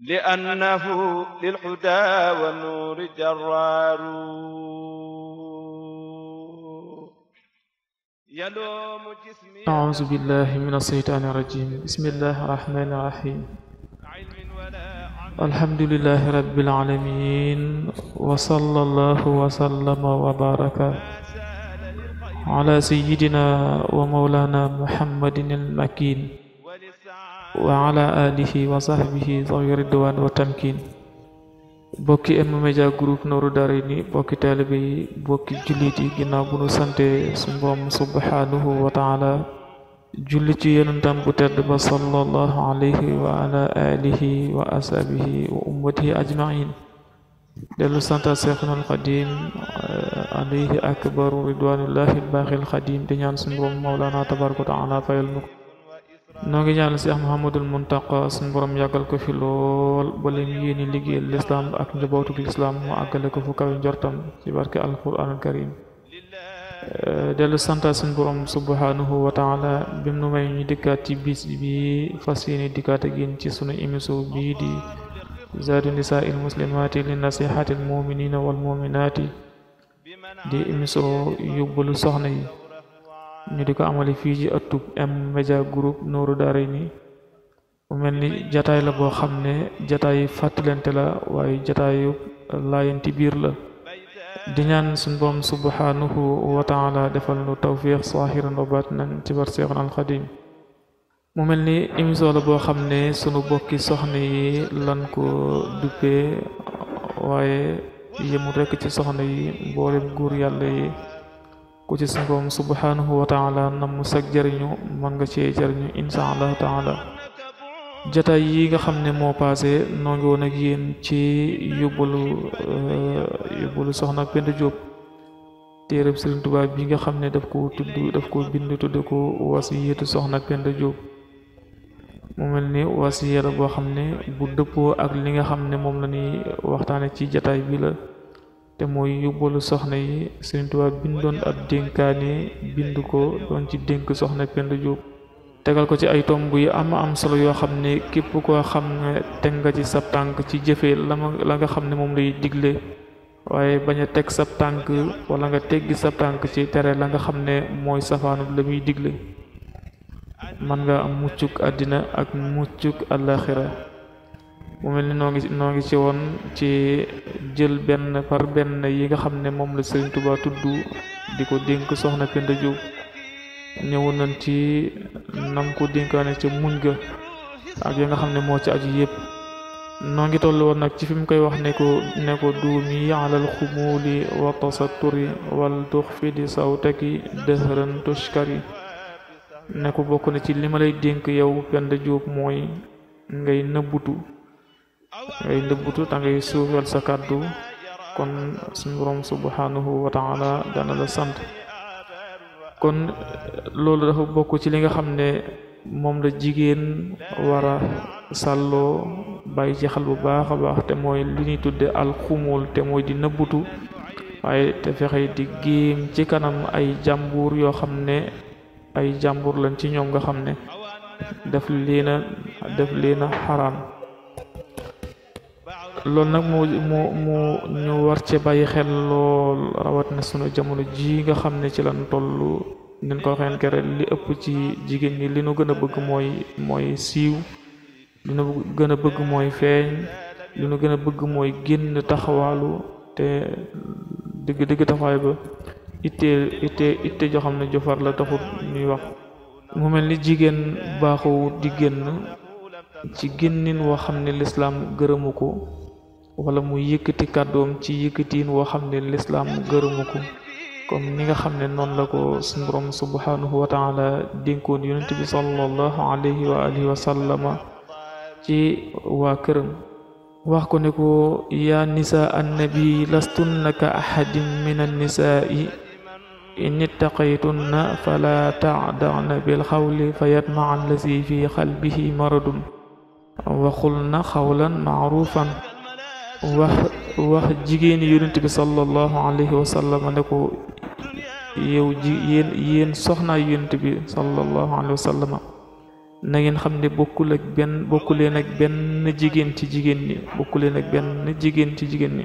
لأنه للحدى والنور جرار يلوم جسمي أعوذ بالله من الشيطان الرجيم بسم الله الرحمن الرحيم الحمد لله رب العالمين وصلى الله وسلم وبارك على سيدنا ومولانا محمد المكين wa ala alihi wa sahbihi sawi ridwan wa tamkin bokki M-Media Group Nourou Darayni bokki taalibe bokki jullit yi bu nu sante su mboom subhanahu wa taala julli ci yonentam bu tedd ba sallallahu alayhi wa ala alihi wa ashabihi wa ummatihi ajmain dellu santa Seexna al Xadim eh, alayhi akbaru ridwanullahi al baaxi al di ñaan su mawlana tabaraka wa taala fayal nu noo ngi ñaanal Cheikh Mouhamadul Muntaqa suñ borom yàggal ko fi lool ba lim yéeni liggéeyal lislaam ak njabootuk lislaam mu àggale ko fu kawe njortam ci barke alquranul karim euh, dellu santa suñ borom subhanahu wa taala bim nu may ñu dikkaat ci bi fas yéene dikkaat ak ci sunu émission bi di zaadu nisaa il muslimaati li nasihati al muminina wal muminaati di émission yóbbalu soxna yi ñu di ko amale fii ci ëttub M Media Group Nourou Darayni mu mel ni jataay la boo xam ne jataayu fàttalante la waaye jataayu laayanti biir la di ñaan suñ borom subhanahu wa la defal nu tawfiix saahiran wa baatinan ci bar seexan mel ni émission boo xam ne sunu bokki soxna yi lan ko waaye yemul rekk ci soxna yi mboolem góor yàlla yi ku ci suñ boom subhanahu wa na mu sag jariñu mën nga cee jariñu insha allah taala jataay yi nga xam ne moo passé noo ngi woon ak yéen ci yóbbalu soxna euh, soxna Penda Diop téereb Sëriñ tubaab bi nga xam ne daf ko tudd daf ko bind tudd ko wasiyatu soxna Penda Diop mu mel ni wasiya la boo xam ne bu dëppoo ak li nga xam ne moom la ñuy waxtaane ci jataay bii la te mooy yóbbalu soxna yi Sëriñ Tuubaa bindoon ab dénkaane bind ko doon ci dénk soxna Penda Diop tegal ko ci ay tomb yu am am solo yoo xam ne képp koo xam ne teg nga ci sab tànk ci jëfee la la nga xam ne moom lay digle waaye bañ a teg sab tànk wala nga teggi sab tànk ci tere la nga xam ne mooy safaanu la muy digle mën nga am muccuk àddina ak muccuk àllaaxira mu mel ni noo ngi noo ngi ci woon ci jël benn par benn yi nga xam ne moom la Serigne Touba tudd di ko dénk soxna Penda Diop ñëwoon nañ ci nam ko dénkaane ca muñ ga ak ya nga xam ne moo ci aju yépp noo ngi toll woon nag ci fi mu koy wax ne ko ne ko duumi alal xumuuli wa tasatturi wal tuxfidi sawtaki dëhëran tushkari ne ko bokk na ci li ma lay dénk yow Penda Diop mooy ngay nëbbutu ngay nëbbutu ngay suufeel sa kàddu kon suñu borom subhanahu wa taala dana la sant kon loolu dafa bokk ci li nga xam ne moom la jigéen war a sàlloo bàyyi ci xel bu baax a baax te mooy li ñuy tudde alxumul te mooy di nëbbutu waaye te fexe di géem ci kanam ay jàmbur yoo xam ne ay jàmbur lañ ci ñoom nga xam ne daf liina a daf leen a loolu nag mu mu mu ñu war cee bàyyi xel lool rawat na sunu jamono ji nga xam ne ci lan toll nen ko waxeen kere li ëpp ci jigéen ñi li nu gën a bëgg mooy mooy siiw li nu gën a bëgg mooy feeñ li gën a bëgg mooy génn taxawaalu te dëgg dëgg taxawaay ba ittee ittee itte joo xam ne jofar la taxut ñuy wax mu mel ni jigéen baaxoo di génn ci génnin woo xam ne lislaam gërëmu ko wala mu yëkkati kàddoom ci yëkkatiin woo xam ne lislaam gërëmu ko ni nga xam ne noon la ko suñu borom subhanahu wa taala dénkoon yonent bi sallallahu alayhi wa alihi wa sallama ci waa këram wax ko ne ko yaa nisa annabi lastunna ka ahadin min annisaai in ittaqaytunna fala tadana bilxawli fa yatmaa allazi fi xalbihi maradun waxul na xawlan maarufan wax wax jigéeni yonent bi sallallahu alayhi wa ne ko yow ji yéen yéen bi sallallahu alayhi wa sallam xam ne bokkul ak benn bokkuleen ak benn jigéen ci jigéen ñi bokkuleen ak benn jigéen ci jigéen ñi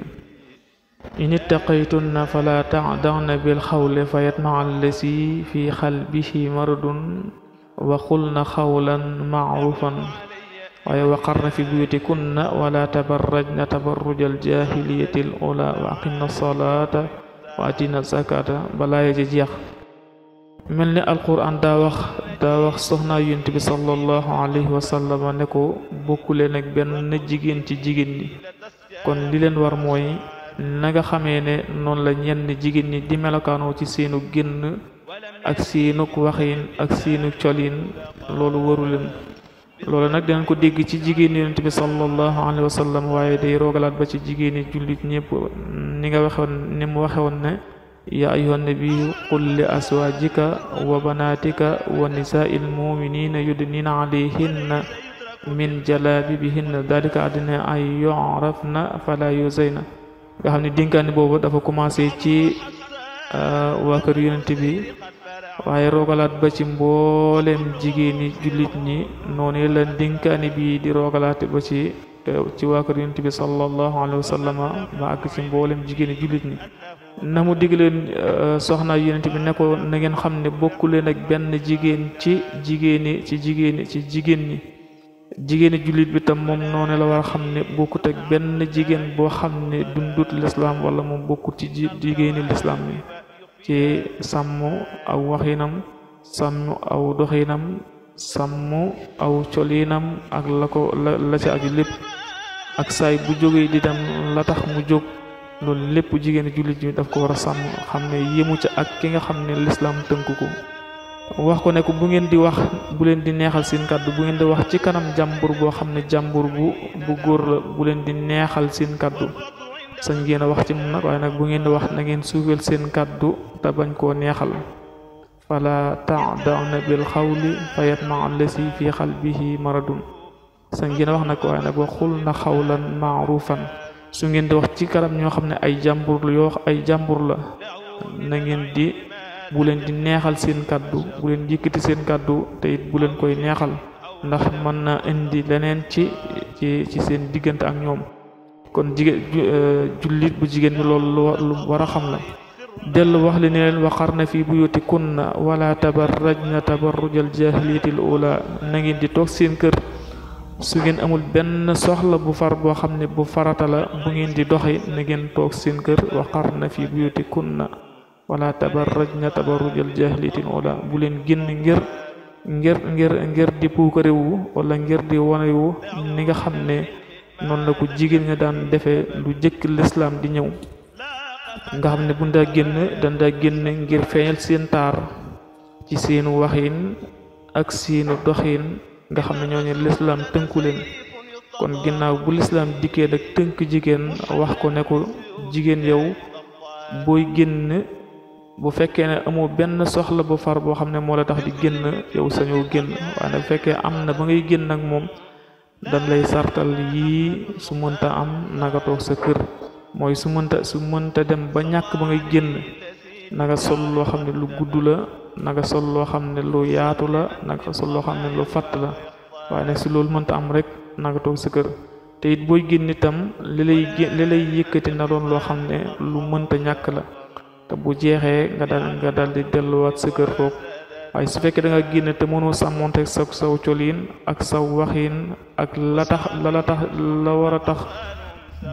in ittaqaytunna fala tadana bil xawle fa yatmaa allasi fi xalbihi maradun wa qulna xawlan maarufan waaye waqarna fi buyutikunna wala tabarrajna tabarrujal jaahiliyatil ula wa aqimna salaata wa atina zakata balaa ya jeex mel ni alquran daa wax daa wax soxnaa yonent bi sallallahu alayhi wa sallam ne ko bokkuleen ak benn jigéen ci jigéen ñi kon li leen war mooy nanga nga xamee ne noonu la ñenn jigéen ñi di melokaanoo ci seenu génn ak seenug waxin ak seenug colin loolu waru loolu nag danga ko dégg ci jigéen yonent bi sallallahu alayhi wa sallam waaye day roogalaat ba ci jigéeni jullit ñëpp ni nga waxewoon ni mu waxewoon ne yaa ayyuhan nabiyyu qul li aswaajika wa banaatika wa nisaa'il mu'miniina yudniina alayhinna min jalaabibihinna daalika ay an yu'rafna falaa yuzayna nga xam ne dénkaani boobu dafa commencé ci euh, waa kër yonent bi waaye roogalaat ba ci mbooleem jigéeni jullit ñi noonu la dinkaani bii di rogalaate ba ci ci waa kër yonent bi sallallahu alayhi wa sallam ba ak ci mbooleem jigéeni jullit ñi na mu dig leen euh, soxna yonent bi ne ko na ngeen xam ne bokku leen ak benn jigéen ci jigéeni ci jigéeni ci jigéen ñi jigéeni jullit bi tam moom noonu la war xam ne bokkut ak benn jigéen boo xam ne dundut lislaam wala moom bokkut ci jigéeni lislaam yi ci sàmm aw waxinam sàmm aw doxinam sàmm aw coliinam ak la ko la ci aju lépp ak saay bu jógee di dem la tax mu jóg loolu lépp jigéen jullit ñi daf ko war a sàmm xam ne yemu ca ak ki nga xam ne lislaam tënk ko wax ko ne ko bu ngeen di wax bu leen di neexal seen kàddu bu ngeen di wax ci kanam jàmbur boo xam ne jàmbur bu bu góor la bu leen di neexal seen kàddu sañ ngeen a wax ci moom nag waaye nag bu ngeen di wax na ngeen suufeel seen kàddu te bañ koo neexal fala tadana bil xawli fayatmaa allasi fi xalbihi maradun sañ ngeen a wax nag waaye nag waxul na xawlan maarufan su ngeen di wax ci kanam ñoo xam ne ay jàmbur yoo ay jàmbur la na ngeen di bu leen di neexal seen kàddu bu seen kàddu te it bu leen koy neexal ndax mën na indi leneen ci ci ci seen diggante ak ñoom kon jigéen euh, jullit bu jigéen lool loolu lu war a xam la dellu wax li ne leen waqarna fi buyutikunna wala tabarrajna tabarrujal jahiliyatil ula na ngeen di toog seen kër su ngeen amul benn soxla bu far boo xam ne bu farata la bu ngeen di doxi na ngeen toog seen kër na fi buyutikunna na tabarrajna tabarrujal jahiliyatil ula bu leen génn ngir ngir di puukarewu wala ngir di wanewu ni nga xam ne noonu la ko jigéen ña daan defe lu jëkk lislaam di ñëw nga xam ne bu ndaa génn dañ daa génn ngir feeñal seen taar ci seenu waxin ak seenu doxin nga xam ne ñooñu lislaam tënku leen kon ginnaaw bu lislaam dikkee nag tënk jigéen wax ko ne ko jigéen yow booy génn bu fekkee ne amoo benn soxla bu far boo xam ne moo la tax di génn yow sañoo génn waaye nag bu fekkee am na ba ngay génn ak moom dañ lay sartal yii su mënta am nagatoog sa kër mooy su mënta su mënta dem ba ñàkk ba ngay génn naga sol loo xam ne lu gudd la naga sol loo xam ne lu yaatu la nanga sol loo xam ne lu fatt la waaye nag si loolu mënta am rek nanga sa kër te it booy génn itam li lay yëkkati na doon loo xam ne lu mënta ñàkk la te bu jeexee nga dal nga dal di delluwaat sa kër toog waaye su fekkee da génn te mënoo sàmmonteeg sa saw colin ak saw waxin ak la tax lala tax la war a tax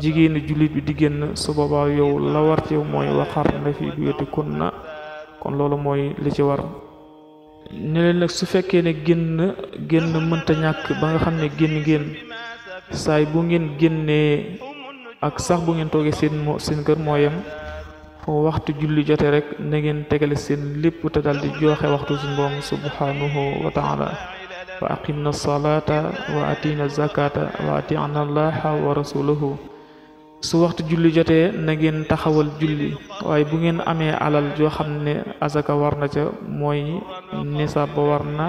jigéen jullit bi di génn su boobaa yow la war ci mooy waxar na fi buyati na kon loolu mooy li ci war ne leen su fekkee ne génn génn mënta ñàkk ba nga xam ne génn ngeen saay bu ngeen génnee ak sax bu ngeen toogee seen seen kër mooyam waxtu julli jote rek na ngeen tegale seen lépp te daldi joxe waxtu suñu borom subhanahu wa taala wa aqimna salata wa atina zakata wa atina allaha wa rasulahu su waxtu julli jotee na ngeen taxawal julli waaye bu ngeen amee alal joo xam ne azaka war na ca mooy nisaab ba war na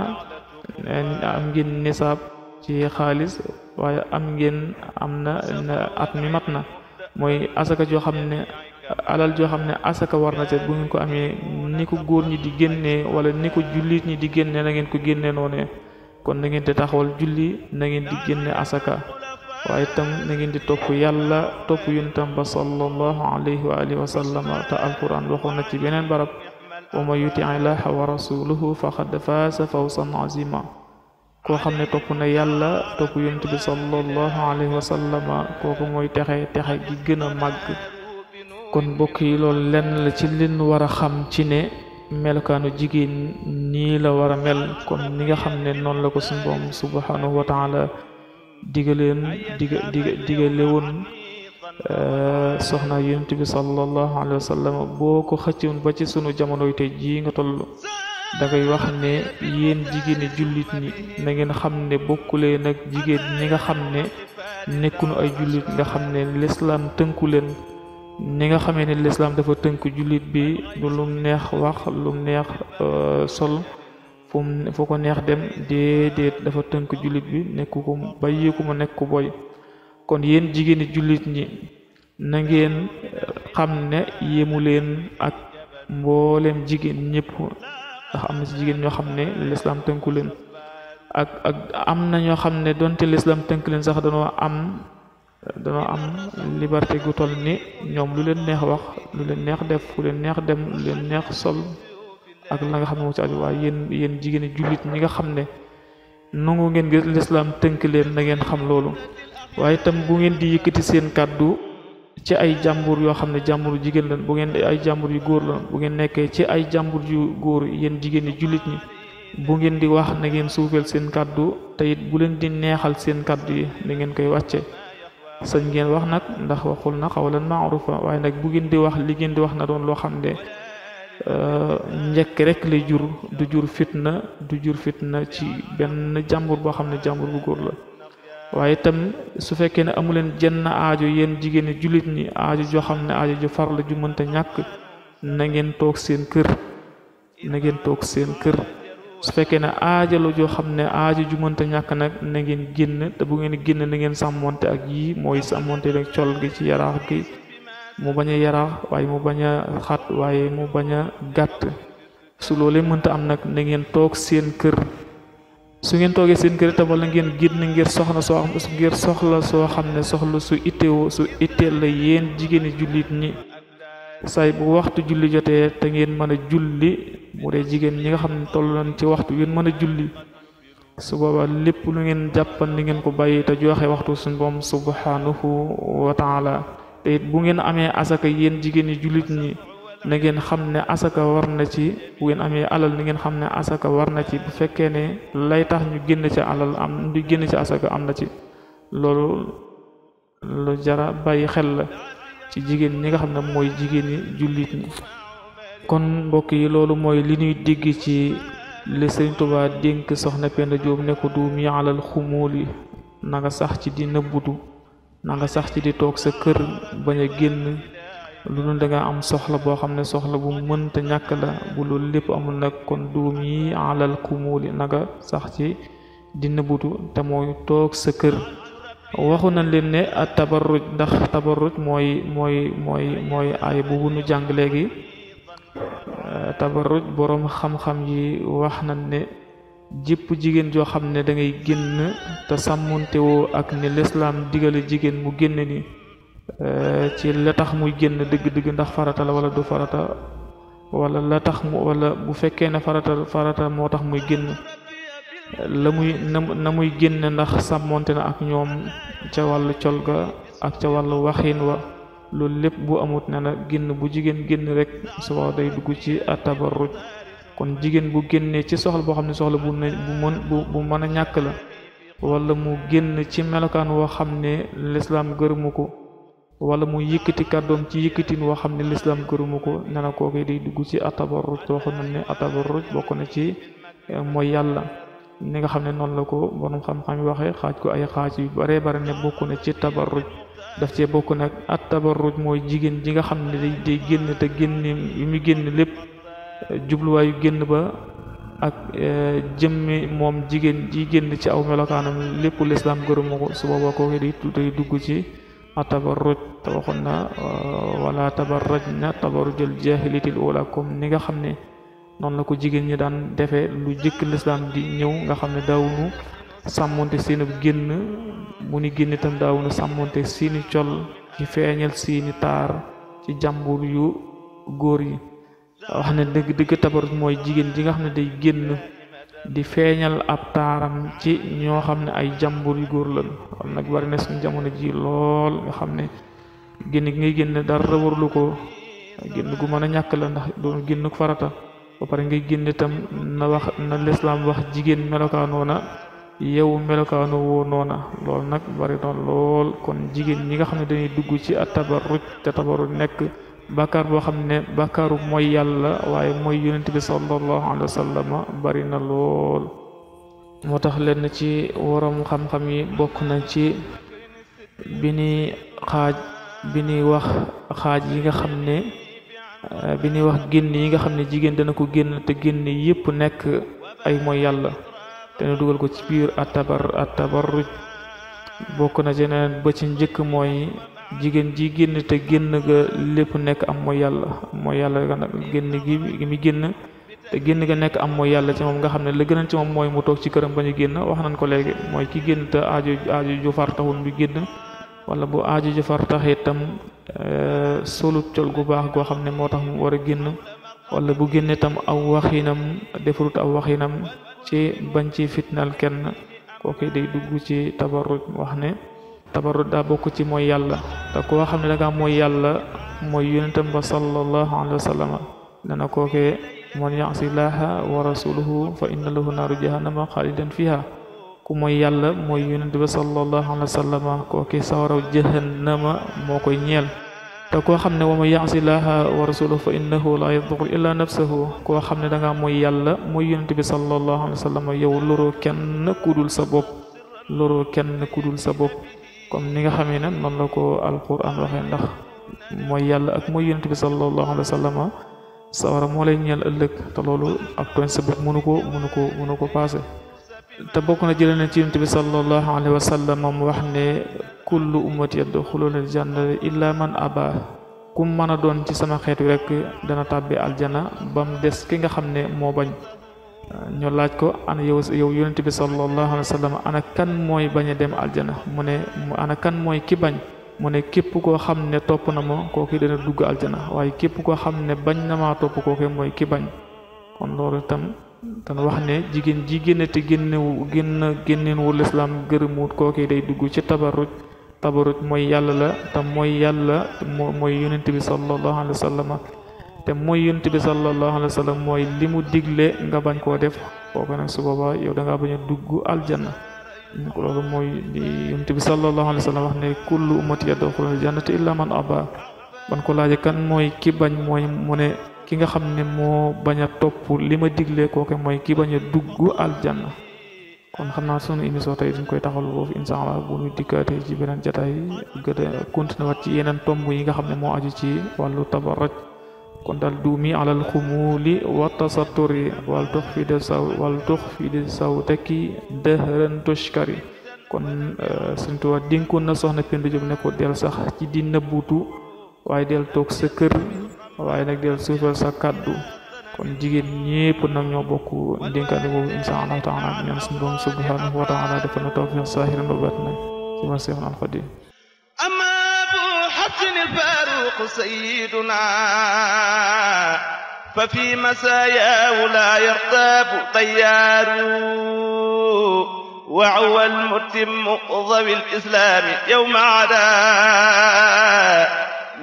ci xaalis waaye am ngeen am at mi mat azaka joo ne alal joo ne asaka war na ca bu ngeen ko amee ni ko góor ñi di génnee wala ni ko jullit ñi di génne na ngeen ko génne noonee kon na ngeen di taxawal julli na ngeen di génne asaka waaye tam na ngeen di topp yàlla topp tam ba sallallahu alayhi wa alihi wa sallam te alquran waxoon na ci beneen barab wa man a ilaha wa rasuluhu faqad faasa fawsan azima koo xam ne topp na yàlla topp yunt bi sallallahu alayhi wa sallam kooku mooy texe texe gi gën a kon mbokk yi loolu lenn la ci lin war a xam ci ne melokaanu jigéen nii la war a mel kon ni nga xam ne noonu la ko suñu borom subhanahu wa taala digaleen diga diga digale woon euh, soxna yonent bi sallallahu alayhi wa boo ko xëccoon ba ci sunu jamonoy tey jii nga toll da wax ne yéen jigéeni jullit ñi na ngeen xam ne bokkulee nag jigéen ñi nga xam ne nekkuñu ay jullit nga xam ne lislaam tënku leen ni nga xamee ne lislaam dafa tënk jullit bi du lum neex wax lum neex euh, sol fu fu ko neex dem déedéet dafa tënk jullit bi nekku ko bàyyi ko mu nekk ko kon yéen jigéeni jullit ñi na ngeen euh, xam ne yéemu leen ak mbooleem jigéen ñëpp ndax am na ci jigéen ñoo xam ne lislaam tënku leen lislaam tënk leen sax danoo am dana am liberté gu toll ni ñoom lu leen neex wax lu leen neex def fu leen neex dem lu leen neex sol ak la nga xam ne moo ci aju waaye yéen yéen jigéen jullit ñi nga xam ne nangu ngeen ngir lislaam tënk leen na ngeen xam loolu waaye itam bu ngeen di yëkkati seen kàddu ci ay jàmbur yoo xam ne jàmbur jigéen lan bu ngeen ay jàmbur yu góor la bu ngeen nekkee ci ay jàmbur yu góor yéen jigéen ñi jullit ñi bu ngeen di wax na ngeen suufeel seen kàddu te it bu leen di neexal seen kàddu yi na ngeen koy wàcce sañ ngeen wax nag ndax waxul na xawlan maarufa waaye nag bu ngeen di wax li ngeen di wax na doon loo xam ne euh, njëkk rek lay jur du jur fitna du jur fitna ci benn jàmbur boo xam ne jàmbur bu góor la waaye itam su fekkee ne amuleen jenn aajo yéen jigéen ñi jullit ñi aajo joo xam ne aajo ju far la ju mënta ñàkk na ngeen toog seen kër na ngeen toog seen kër su fekkee ne aaja la joo xam ne aaja ju mënta ñàkk nag na ngeen génn te bu ngeen génn na ngeen sàmmonte ak yii mooy sàmmonte nag col gi ci yaraax gi mu bañ a yaraax waaye mu bañ a xat waaye mu bañ a gàtt su loolee mënta am nag na ngeen toog seen kër su ngeen toogee seen kër itam wala ngeen génn ngir soxna soo soxla soo xam ne soxla su itteewoo su itteel la yéen jigéeni jullit ñi say bu waxtu julli jotee te ngeen mën a julli bu dee jigéen ñi nga xam ne toll nañ ci waxtu ngeen mën a julli su booba lépp lu ngeen jàppan li ngeen ko bàyyi te joxe waxtu suñ boom subhanahu wa taala te it bu ngeen amee asaka yéen jigéen ñi jullit ñi na ngeen xam ne asaka war na ci bu ngeen amee alal ni ngeen xam ne asaka war na ci fekkee ne lay tax ñu génn ci alal am ñu génn ci asaka am na ci loolu lu jara bàyyi xel la ci jigéen ñi nga xam ne mooy jigéen ñi jullit ñi kon mbokk yi loolu mooy li ñuy digg ci li Sëriñ dénk soxna Penda Jóob ne ko duumi alal xumuuli na nanga sax ci di nëbbutu nanga sax ci di toog sa kër bañ a génn lu nu da am soxla boo xam ne soxla bu mënta ñàkk la bu loolu lépp amul nag kon duum yi alal xumuuli na nga sax ci di nëbbutu te mooy toog sa kër waxu nañ leen ne tabarruj ndax tabarruj mooy mooy mooy mooy ay bu nu jàng léegi euh, tabarruj boroom xam-xam yi wax nañ ne jëpp jigéen joo xam ne dangay ngay génn te sàmmontewoo ak ni lislaam digale jigéen mu génn ni euh, ci la tax muy génn digg digg ndax farata la wala du farata wala la tax mu wala bu fekkee ne farata farata moo tax muy génn la muy na muy génne ndax sàmmoonte na ak ñoom ca wàll col ak ca wàllu waxin wa loolu lépp bu amut ne na génn bu jigéen génn rek suba day dugg ci atabarruj kon jigéen bu génnee ci soxla boo xam ne soxla bu mën bu mën a ñàkk la walla mu génn ci melokaan woo xam ne lislaam gërëmu ko walla mu yëkkati kàddoom ci yëkkatin woo xam ne lislaam gërëmu ko ne na kooku day dugg ci atabarruj waxoon nañ ne atabarruj bokk na ci eh, mooy yàlla ni nga xam ne noonu la ko borom xam-xam yi waxee xaaj ko ay xaaj yu bare bare ne bokk na ci tabarruj daf cee bokk nag at tabarruj mooy jigéen ji nga xam ne day day génn te génn yu muy génn lépp eh, jubluwaayu génn ba ak eh, jëmmi moom jigéen ji génn ci aw melokaanam lépp lislaam gërëmu ko su boobaa kooku day day dugg ci atabarruj te waxoon na eh, wala tabarraj na tabarrujal jaahiliyatil ula comme ni nga xam ne noonu la ko jigéen ñi daan defe lu jëkk lislaam di ñëw nga xam ne daawunu sàmmonte seeni génn mu ni génn itam daawunu sàmmonte seeni col ci feeñal seeni taar ci jàmbur yu góor yi ne dëgg dëgg mooy jigéen ji nga xam ne day génn di feeñal ab taaram ci ñoo xam ne ay jàmbur yu góor lañu am nag bari na suñu jamono ji lool nga xam ne génn gi ngay génn dara warulu ko génn gu mën a ñàkk la ndax doon génn farata ba pare ngay génn itam na wax na lislaam wax jigéen melokaanoo na yow melokaanoo woo noona loolu nag bari na lool kon jigéen ñi nga xam ne dañuy dugg ci atabarruj te tabarruj nekk bàkkaar boo xam ne bàkkaaru mooy yàlla waaye mooy yonent bi sallallahu alayhi wa sallam bari na lool moo tax lenn ci waroom xam-xam yi bokk na ci bi xaaj bi ni wax xaaj yi nga xam ne Euh, bi ñuy wax génn yi nga xam ne jigéen dana ko génn te génn yépp nekk ay mooy yàlla te ñu dugal ko ci biir atabar atabarruj bokk na jeneen ba ci njëkk mooy jigéen ji génn te génn ga lépp nekk am mooy yàlla mooy yàlla génn gi mi génn te génn ga nekk am mooy yàlla ci moom nga xam ne la gënal ci moom mooy mu toog ci këram ba ñu génn wax nañ ko léegi mooy ki génn te ajo aajo ju far taxul génn wala bu aaju ji far eh, col gu baax goo xam ne moo tax mu war a génn wala bu génn itam aw waxinam defarut aw waxinam ci bañ ci fitnal kenn kooku day dugg ci tabarruj wax ne tabarruj daa bokk ci mooy yàlla te koo xam ne da ngaa mooy yàlla mooy yonentam ba sallallahu alayhi wa sallam dana kooke man yaasi laaha wa rasuluhu fa inna lahu naaru jahannama xaalidan fiha ku mooy yàlla mooy yonent bi sallallahu alayhi wa sallam kooki sawaraw jahannama moo koy ñeel te ko xam ne wa man yaasi laaha wa rasulahu fa innahu la yadur illa nafsahu koo xam ne dangaa mooy yàlla mooy yonent bi sallallahu alayhi wa sallam yow loroo kenn kudul sa bopp loroo kenn kudul sa bopp comme ni nga xamee ne noonu la ko alquran waxee ndax mooy yàlla ak mooy yonent bi sallallahu alayhi wa sallam sawara moo lay ñeel ëllëg te loolu ak tooñ sa bopp mënu ko paase te bokk na jëlee na ci yonent bi sallallahu alayhi wa sallam moom wax ne kullu ummati yadxuluna aljanna illa man aba ku mën a doon ci sama xeet wi rek dana tàbbi aljana ba mu des ki nga xam ne moo bañ ñu laaj ko an yow yow yonent bi sallallahu alayhi wa sallam ana kan mooy bañ dem aljana mu ne ana kan mooy ki bañ mu ne képp koo xam ne topp na ma kooku dana dugg aljana waaye képp koo xam ne bañ na maa topp kooku mooy ki bañ kon loolu itam dana wax ne jigéen ji génnati génnewu génn génneen wu lislaam gërëmuwut kookee day dugg ci tabarruj tabarruj mooy yàlla la te mooy yàlla mooy yonent bi sallallahu alayhi wa sallam te mooy yonent bi sallallahu alayhi wa sallam mooy li mu digle nga bañ koo def kooku nag su boobaa yow da ngaa bañ a dugg aljanna loolu mooy yonent bi sallallahu alayhi wa sallam wax ne kullu ummati yadxulul jannata ban ko laaje kan mooy ki bañ mooy mu ne ki nga xam ne moo bañ a topp li ma digle kooke mooy ki bañ a dugg aljanna kon xam naa sunu émission tey duñ koy taxawal foofu incha allah bu ñu dikkaatee ci beneen jataay gën a waat ci yeneen tomb yi nga xam ne moo aju ci walu tabarraj kon daal duumi alal xumuuli wa tasaturi wal tux fi de saw wal tux fi de saw tekki dëhëran tushkari kon euh, Sëriñ Tuubaa dénkoon na soxna Penda Jóob ne ko del sax ci na buutu waaye del toog sa kër waaye nag del suufal sa kàddu kon jigéen ñépp nag ñoo bokk ndénkaane boobu insha allah taala ñaan suñu borom subhanahu wa taala defal na tawfiq saahiran wa batin ci ma seexna al xadim amma bu xaqin al faruq sayyiduna fa fi masayaahu la yartabu tayyaaru وهو المتم ضوي الإسلام يوم عدا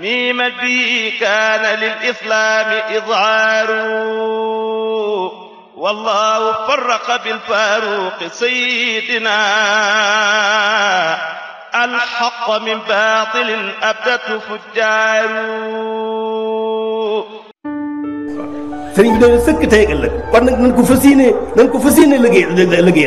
miimati kaana lil islaami izhaaru wallaahu farraqa bil faaruqi sayyidinaa al haqqa min baatilin abdatu fujjaaru. sëriñ bi de sëkk tey ak ëllëg kon nag nañ ko fas yéene nañ ko fas yéene liggéey liggéey